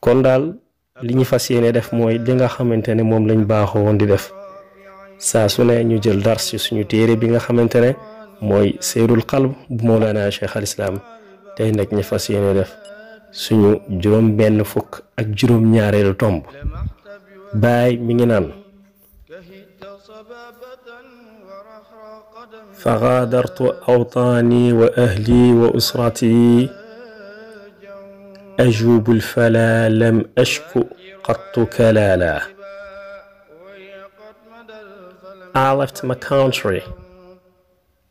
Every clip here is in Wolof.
kon daal li ñu fas yéene def mooy li nga xamante ne moom lañ baaxoo woon di def saa su ne ñu jël dars ci suñu téere bi nga xamante ne mooy seerul xalb bu Mawlana Cheikh al tey nag ñu fas yéene def suñu juróom benn fukk ak juróom ñaareelu tomb baay mi ngi naan فغادرت أوطاني وأهلي وأسرتي أجوب الفلا لم أشكو قط I left my country,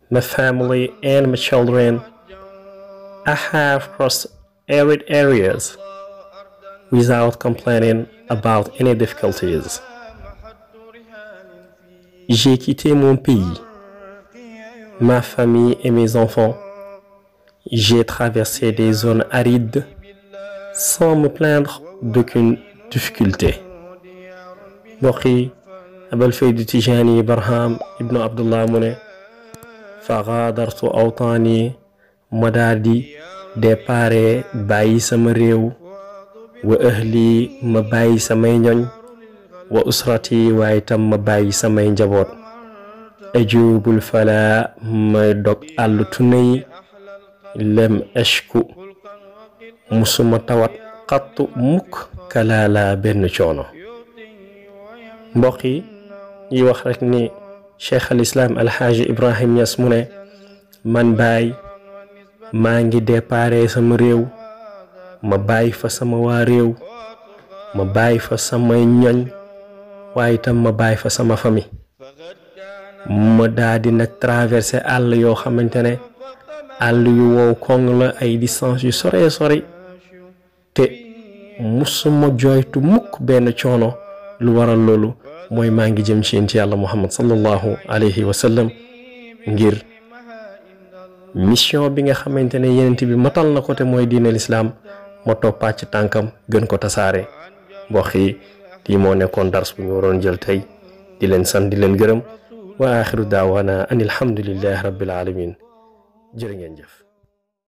my family and my children. I have crossed arid areas without complaining about any difficulties. J'ai quitté mon pays, ma famille et mes enfants. J'ai traversé des zones arides sans me plaindre d'aucune difficulté. mbokk yi Abal Faydu Tijaani Barham ibnu Abdullah mu fa xaadartu awtaani ma daal di dépare réew wa ahli ma bàyyi samay ñoñ wa waaye tam ma bàyyi samay njaboot ajubul fala may dog àll tunay lem eshku musuma tawat xattu mukk kalaala benn coono mbokk yi ñuy wax rekk ni cheikh al islam alxaaji ibrahim Niass mu ne man baay maa ngi déparé sama réew ma bàyyi fa sama waa réew ma bàyyi fa samay ñoñ waaye itam ma bàyyi fa sama famille ma daa nag traversé àll yoo xamante ne àll yu wow koŋ la ay distance yu sore sori te musuma jooytu mukk benn coono lu waral loolu mooy maa ngi jëm ci yonent yàlla muhammad sallallahu alayhi wa sallam ngir mission bi nga xamante ne yonent bi matal na ko te mooy diinal islaam ma toppaat ci tànkam gën ko tasaare mbokk yi lii moo nekkoon dars bu ñu waroon jël tey di leen san di leen gërëm wa axiru daawaana an alhamdulillahi rabbil alamin jërë ngeen jëf